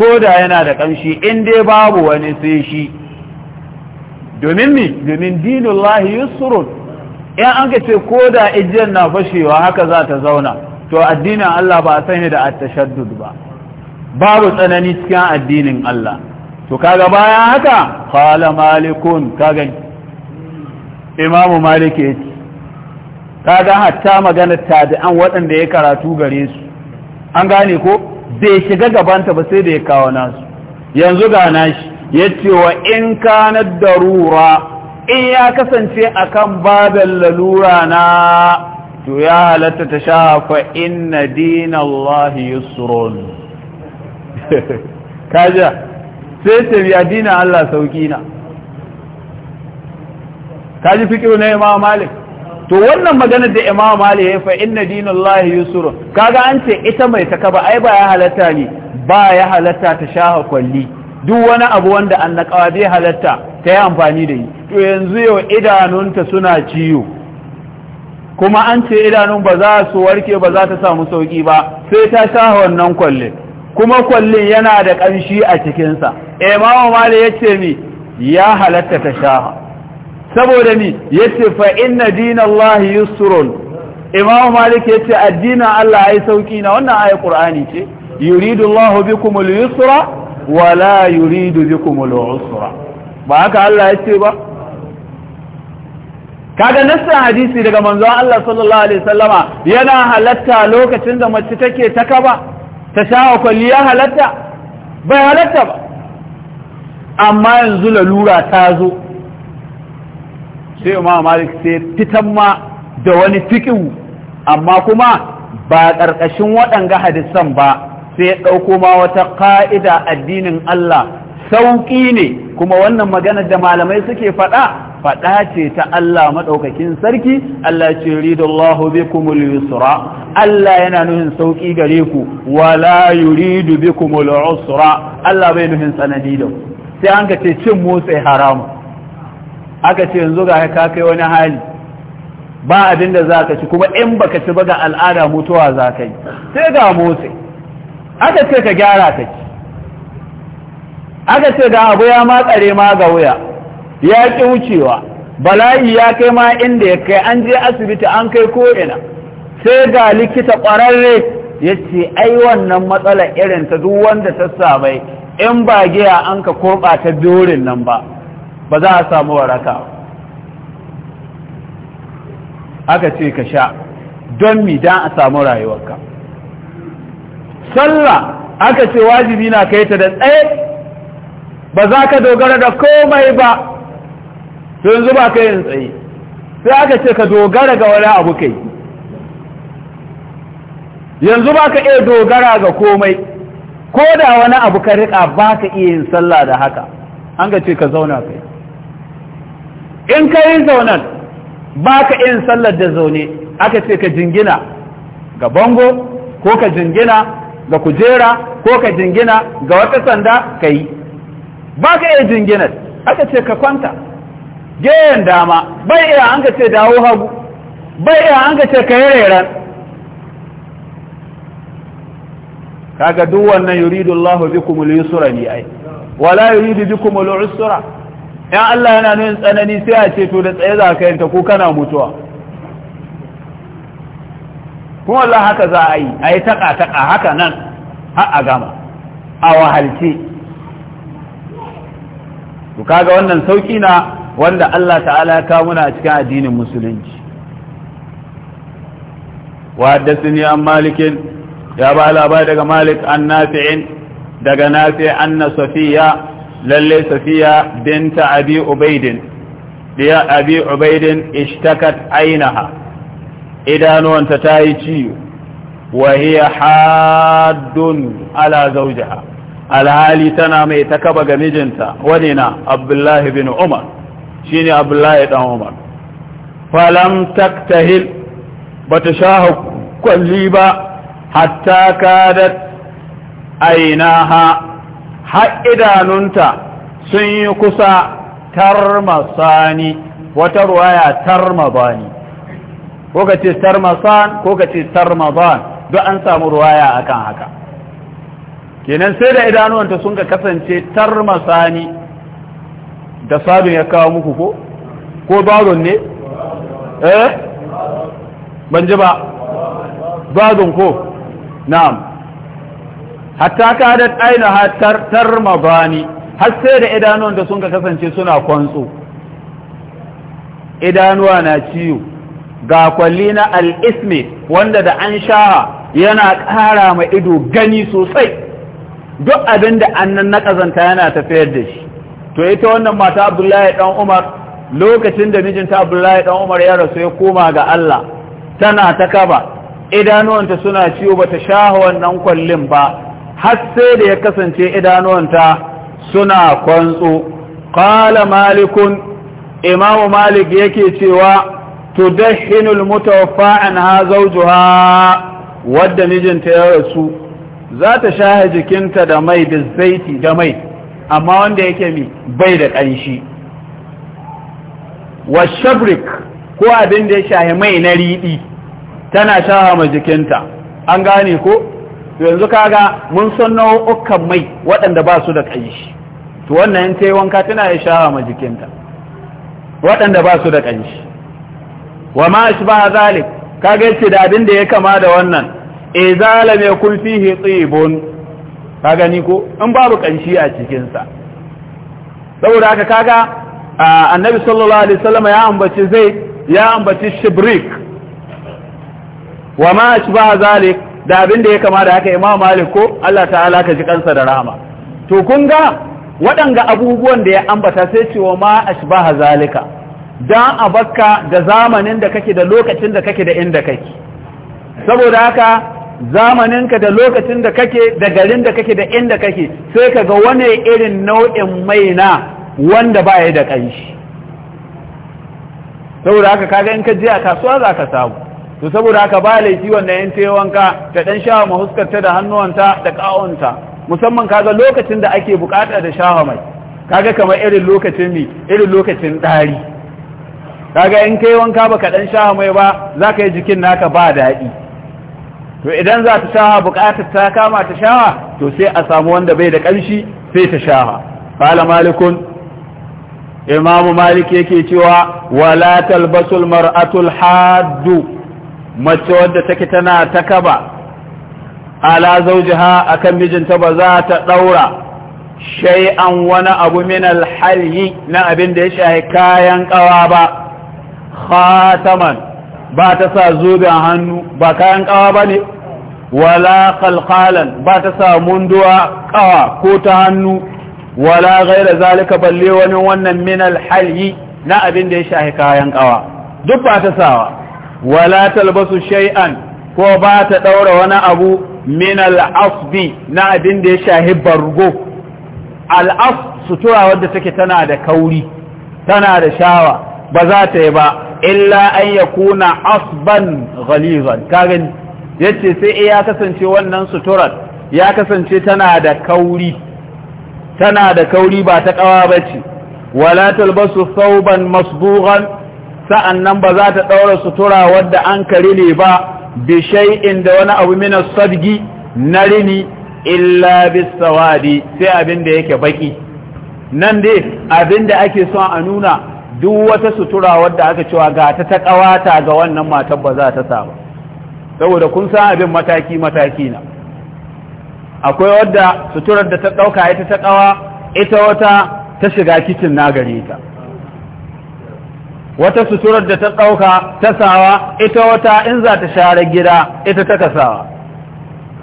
ko da yana da ƙamshi in dai babu wani sai shi domin mi domin dinullahi yusrun in an ce ko da ijiyar na fashewa haka za ta zauna to addinin Allah ba a sani da at-tashaddud ba babu tsanani cikin addinin Allah to kaga bayan haka qala malikun kaga imamu malik yace kaga hatta magana tabi'an waɗanda ya karatu gare su an gane ko bai shiga gabanta ba sai da ya kawo nasu yanzu ga nashi ya ce wa in kana darura in ya kasance akan babin lalura na to ya halatta ta shafa inna dinallahi yusrun kaja sai ta ya dina Allah sauki na kaji fikiru na imam malik to wannan magana da Imam Malik ya fa inna dinallahi yusur kaga an ce ita mai takaba ai ba ya halatta ne ba ya halatta ta shaha kwalli duk wani abu wanda an naqawa halatta ta yi amfani da yi to yanzu yau idanunta suna ciwo kuma an ce idanun ba za su warke ba za ta samu sauki ba sai ta shaha wannan kwallin kuma kwallin yana da ƙamshi a cikinsa Imam mali ya ce mi ya halatta ta shaha saboda ni ya ce fa inna dinallahi yusrun imamu malik ya ce addinin Allah ya yi sauki na wannan ayat qur'ani ce yuridu Allahu bikumul yusra wa la yuridu bikumul usra ba haka Allah ya ce ba kaga nassan hadisi daga manzon Allah sallallahu alaihi wasallama yana halatta lokacin da mace take ta kaba ta sha'a kwalliya halatta bai halatta ba amma yanzu lalura ta zo sai imam malik sai fitan ma da wani fiqhu amma kuma ba ƙarƙashin waɗanga hadisan ba sai ɗauko ma wata ƙa'ida addinin Allah sauƙi ne kuma wannan maganar da malamai suke faɗa faɗa ce ta Allah maɗaukakin sarki Allah ce ridallahu bikumul yusra Allah yana nuhin sauƙi gare ku wala yuridu bikumul usra Allah bai nuhin sanadi da sai an ga ce cin motsa haramu aka ce yanzu ga ka kai wani hali ba abin da za ka ci kuma in baka ci ba ga al'ada mutuwa za ka yi sai ga motsi aka ce ka gyara ka ci aka ce ga abu ya matsare ma ga wuya ya ƙi wucewa bala'i ya kai ma inda ya kai an je asibiti an kai ko'ina sai ga likita ƙwararre ya ce ai wannan matsala irin ta duk wanda ta sabai in ba giya an ka koɓa ta dorin nan ba ba za a samu waraka aka ce ka sha don mi don a samu rayuwarka sallah aka ce wajibi na kai ta da tsaye ba za ka dogara da komai ba to yanzu ba ka yin tsaye sai aka ce ka dogara ga wani abu kai yanzu ba ka iya dogara ga komai ko da wani abu ka riƙa ba ka iya yin sallah da haka an ga ce ka zauna kai in ka yi zaunan ba ka yin sallar da zaune aka ce ka jingina ga bango ko ka jingina ga kujera ko ka jingina ga wata sanda ka yi ba ka yi jingina aka ce ka kwanta geyen dama bai iya an ka ce dawo hagu bai iya an ka ce ka yi reran kaga duk wannan yuridu Allahu bikum al-yusra ni ai wala yuridu bikum al-usra Ian Allah yana nuna tsanani sai a ce to da tsaye za ka yanta ko kana mutuwa kuma Allah haka za a yi a yi taƙa taƙa haka nan har a gama a wahalce to kaga wannan sauƙi na wanda Allah ta'ala ya kawo muna cikin addinin musulunci wa ni an malikin ya ba daga malik an nafi'in daga nafi' anna safiya lalle safiya binta abi ubaidin diya abi ubaidin ishtakat ainaha idanuwanta ta yi ciwo wa hiya haddun ala zaujaha. alhali tana mai takaba ga mijinta wani na abdullahi bin umar shine abdullahi dan umar falam taktahil bata sha kwalli ba hatta kadat ainaha har idanunta sun yi kusa tarmasani wata ruwaya tarmabani ko ka ce tarmasan ko ka ce tarmaban don an samu ruwaya akan haka kenan sai da idanuwanta sun ka kasance tarmasani da sabin ya kawo muku ko ko bazon ne eh ban ji ba bazon ko na'am hatta da aina hatar tarmabani har sai da idanuwan da sun ka kasance suna kwantso idanuwa na ciwo ga kwalli na alismi wanda da an sha yana ƙara ma ido gani sosai duk abin da annan na ƙazanta yana tafiyar da shi to ita wannan mata abdullahi dan umar lokacin da mijinta abdullahi dan umar ya rasu ya koma ga allah tana ta kaba idanuwanta suna ciwo bata sha wannan kwallin ba har sai da ya kasance idanuwanta suna kwantso qala malikun imamu malik yake cewa dahinul mutawaffa ha zawjuha wadda mijinta ya rasu za ta shaha jikinta da mai da zaiti da mai amma wanda yake mi bai da ƙanshi wa shabrik ko abin da ya shahi mai na riɗi tana shaha ma jikinta an gane ko to yanzu kaga mun san nau'ukan mai waɗanda ba su da ƙanshi to wannan in tayi wanka tana ya shawa ma jikinta waɗanda ba su da ƙanshi wa ma ashbaha zalik kaga yace da abin da ya kama da wannan e eh, zalame kun fihi tibun kaga ni ko in babu ƙanshi a cikin sa saboda haka kaga annabi sallallahu alaihi wasallam ya ambaci zai ya ambaci shibrik wa ma ashbaha zalik da abin da ya kama da haka imam malik ko Allah ta'ala ka ji kansa da rahama to kun ga waɗanga abubuwan da ya ambata sai cewa ma ashbaha zalika dan abakka da zamanin da kake da lokacin da kake da inda kake saboda haka zamanin ka da lokacin da kake da garin da kake da inda kake sai ka ga wani irin nau'in mai na wanda ba ya da kanshi saboda haka kaga in ka je a kasuwa za ka samu to saboda haka ba laifi wanda yan ta wanka ta dan shawa mahuskarta da hannuwanta da ƙawonta musamman kaga lokacin da ake bukata da shawa mai kaga kamar irin lokacin mi irin lokacin ɗari kaga in kai wanka baka dan shawa mai ba za ka yi jikin naka ba daɗi to idan za ta shawa bukatar ta kama ta shawa to sai a samu wanda bai da ƙarshi sai ta shawa fala malikun imamu malik yake cewa wala talbasul mar'atul haddu mace wadda take tana ta kaba ala zaujiha akan mijinta ba za ta daura shay'an wani abu min alhalyi na abin da ya shahi kayan kawa ba khataman ba ta sa zoben hannu ba kayan kawa ba ne wala kalkalan ba ta sa munduwa kawa ko ta hannu wala gaira zalika balle wani wannan min alhalyi na abin da ya shahi kayan kawa duk ba ta sawa wala talbasu shay'an ko ba ta daura wani abu min al-asbi na abin da ya shahi bargo al-as sutura wadda take tana da kauri tana da shawa ba za ta yi ba illa an yakuna asban ghalizan kagan yace sai iya kasance wannan suturar ya kasance tana da kauri tana da kauri ba ta kawa bace wala talbasu sauban masbughan sa'an nan ba za ta ɗaura sutura wadda an kari ne ba bi shaiin da wani abu mina sadgi na rini illa wadi sai abin da yake baki nan dai abin da ake son a nuna duk wata sutura wadda aka cewa ga ta ta ƙawata ga wannan matan ba za ta sa ba saboda kun san abin mataki mataki na akwai wadda suturar da ta ɗauka ita ta ƙawa ita wata ta shiga kicin na gare ta wata suturar da ta ɗauka ta sawa ita wata in za ta share gida ita ta kasawa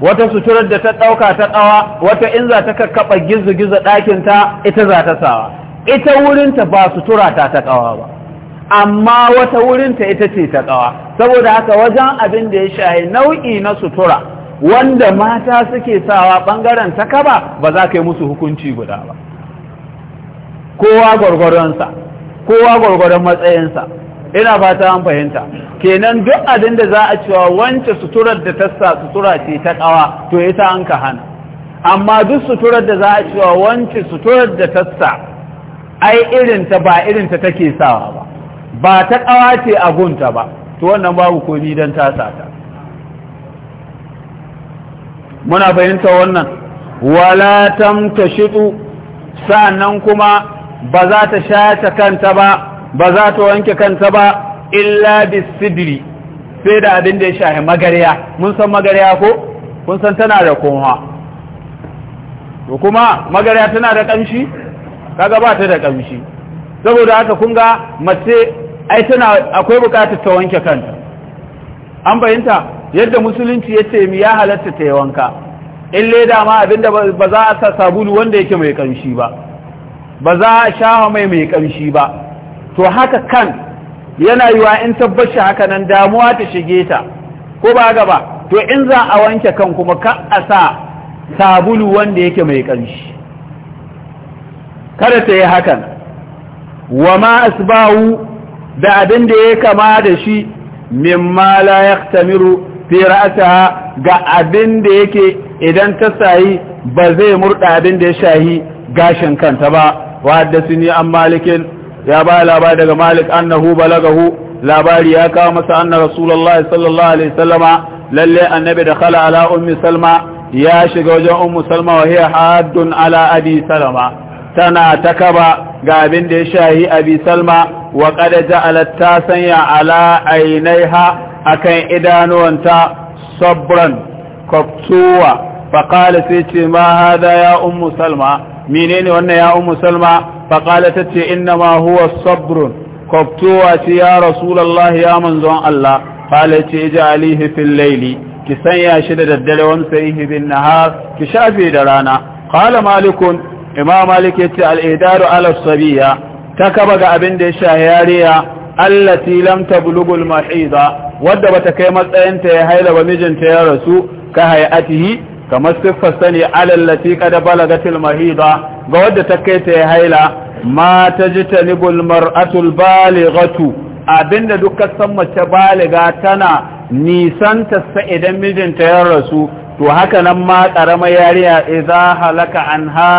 wata suturar da ta ɗauka ta ɗawa wata in za ta kakkaɓa gizo-gizo ɗakinta ita za ta sawa ita wurinta ba sutura ta ta ƙawa ba amma wata wurinta ita ce ta ƙawa saboda haka wajen abin da ya shahi nau'i na sutura wanda mata suke sawa ɓangaren ta kaba ba za ka yi musu hukunci guda ba kowa gwargwaronsa kowa gwargwaron matsayinsa ina ta an fahimta kenan duk abin da za a cewa wance suturar da ta sa sutura ce ta kawa to ita an ka hana amma duk suturar da za a cewa wance suturar da ta sa ai irinta ba irinta take sawa ba ba ta kawa ce a gunta ba to wannan babu komi don ta muna fahimta wannan wala tamtashitu sa'annan kuma ba za ta shata kanta ba ba za ta wanke kanta ba illa bisidri sai da abin da ya shahi magarya mun san magarya ko kun san tana da kunwa to kuma magarya tana da kamshi kaga ba ta da kamshi saboda haka kun ga mace ai tana akwai bukatar ta wanke kanta an bayanta yadda musulunci ya ce mi ya halatta ta yi wanka in leda ma abinda ba za a sa sabulu wanda yake mai kamshi ba ba za a shafa mai mai kamshi ba to haka kan yana yiwa in shi haka nan damuwa ta shige ta ko ba gaba to in za a wanke kan kuma ka a sa sabulu wanda yake mai ƙarshi kada ta yi hakan wa ma asbahu da abin da ya kama da shi mimma la yaktamiru fi ra'saha ga abin da yake idan ta sayi ba zai murda abin da ya shahi gashin kanta ba wa haddathani an malik ya ba labari daga malik annahu balagahu labari ya kawo masa anna rasulullahi sallallahu alaihi wasallama lalle annabi da khala ala ummi salma ya shiga wajen ummu salma wa hiya ala abi salama tana takaba ga abin da ya shahi abi salma wa qad ja'alat ta sanya ala ainaiha akan idanuwanta sabran kaftuwa fa qala sai ce ma hada ya ummu salma menene wannan ya ummu salma faqala tace inna ma huwa sabr koftowa ce ya rasulullah ya manzon Allah qala ce ja'alihi fil layli ki sanya shi da daddare wan sahihi bin nahar ki shafe da rana qala malikun imam malik yace al idaru ala sabiya takaba ga abin da ya yariya allati lam tablughu al mahida wadda bata kai matsayin ta ya haila ba mijinta ya rasu ka hayatihi kamar siffarsa ne alallati kada balagatil mahida ga wadda ta kai ta haila ma ta ji talibul mar'atul baligatu abinda duka san mace baliga tana nisan sa idan mijinta ya rasu to haka nan ma karama yariya idza halaka ha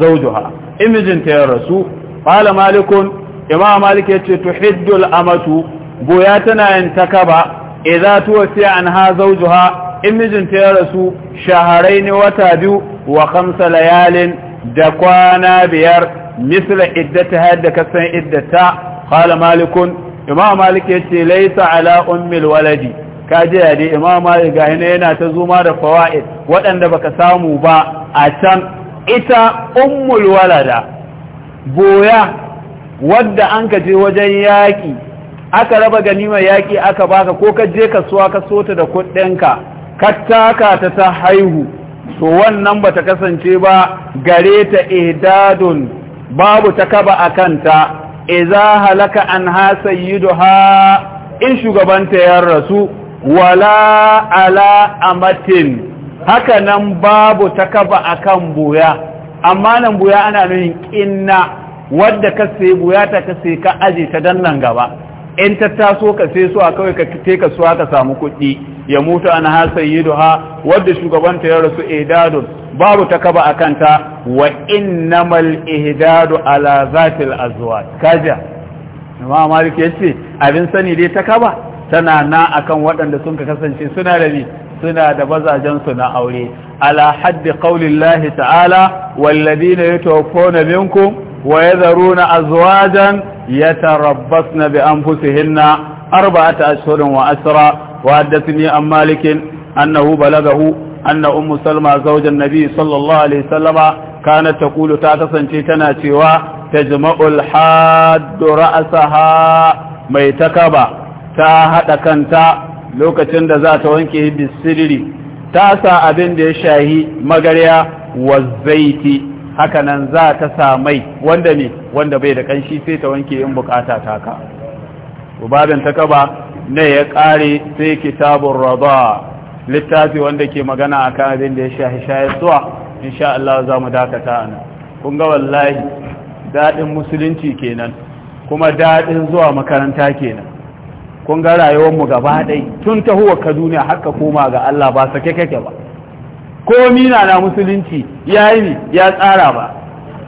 zawjuha in mijinta ya rasu qala malikun imam malik yace tuhiddul amatu boya tana yin takaba idza tuwasi anha zawjuha in mijinta ya rasu shaharai ne wata biyu wa kamsa layalin da kwana biyar misla iddata hadda kasan iddata kala malikun imam malik ce laisa ala ummil waladi ka ya dai imam malik ga yana ta zuma da fawaid wadanda baka samu ba a can ita ummul walada boya wadda an ka je wajen yaƙi, aka raba ganimar yaƙi aka baka ko ka je kasuwa ka sota da kuɗinka kattaka ta ta haihu to wannan ba ta kasance ba gare ta ihdadun babu ta kaba a kanta iza halaka an ha sayyiduha in shugabanta ya rasu wala ala amatin haka nan babu ta kaba a kan buya amma nan buya ana nuhin ƙinna wadda ka sai buya ta ka sai ka aje ta dannan gaba in ta taso ka sai su a kawai ka te ka su ka samu kuɗi ya mutu an ha duha wadda shugabanta ya rasu idadun babu takaba kanta wa innamal ihdadu ala zatil azwaj kaja Imam Malik ce abin sani dai takaba tana na akan waɗanda sun ka kasance suna da ni suna da bazajen su na aure ala haddi qaulillahi ta'ala walladina yatawaffawna minkum wa yadharuna azwajan yatarabbasna bi anfusihinna arba'ata ashhurin wa asra وحدثني عن مالك أنه بلغه أن أم سلمة زوج النبي صلى الله عليه وسلم كانت تقول تاتسا تنا تيوا تجمع الحاد رأسها ميتكبا تاهد كنتا لوكا تند ذات وانكه بالسرر تاسا أبن دي شاهي مغريا والزيت hakanan za ta sa mai wanda ne wanda bai da kanshi sai ta wanke in bukata taka babin takaba Ne ya ƙare sai kitabun raba littafi wanda ke magana a kan abin da ya shahi shayarwa insha Allah za mu dakata a nan kun ga wallahi daɗin musulunci kenan kuma daɗin zuwa makaranta kenan kun ga mu gaba ɗai tun huwa ka duniya haka koma ga Allah ba sake kake ba ko mina na musulunci ya yi ne ya tsara ba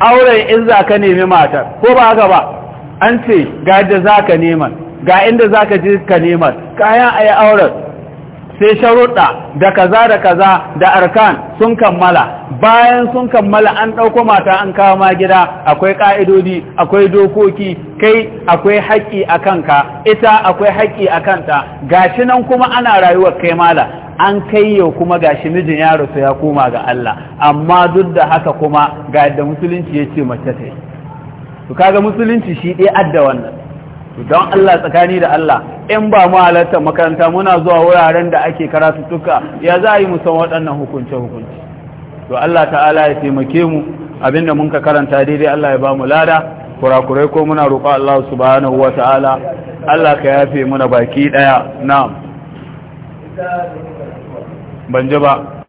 auren in za ka nemi matar ko ba haka ba an ce ga za ka neman ga inda za ka ji ka nema kayan a yi auren sai sharuɗa da kaza da kaza da arkan sun kammala bayan sun kammala an ɗauko mata an kawo ma gida akwai ƙa'idodi akwai dokoki kai akwai haƙƙi a kanka ita akwai haƙƙi a kanta gashi nan kuma ana rayuwar kai mala an kai yau kuma gashi mijin ya rasu ya koma ga Allah amma duk da haka kuma ga yadda musulunci ya ce mace ta yi to kaga musulunci shi ɗaya adda wannan don Allah tsakani da Allah in ba mu halartar makaranta muna zuwa wuraren da ake karatu karatuttuka ya za a yi musan waɗannan hukunce hukunci to Allah ta'ala ya taimake mu abinda mun ka karanta daidai Allah ya ba mu lada kurakurai ko muna roƙo Allah subhanahu wa ta'ala Allah ka yafe muna baki ɗaya na'am ban ji ba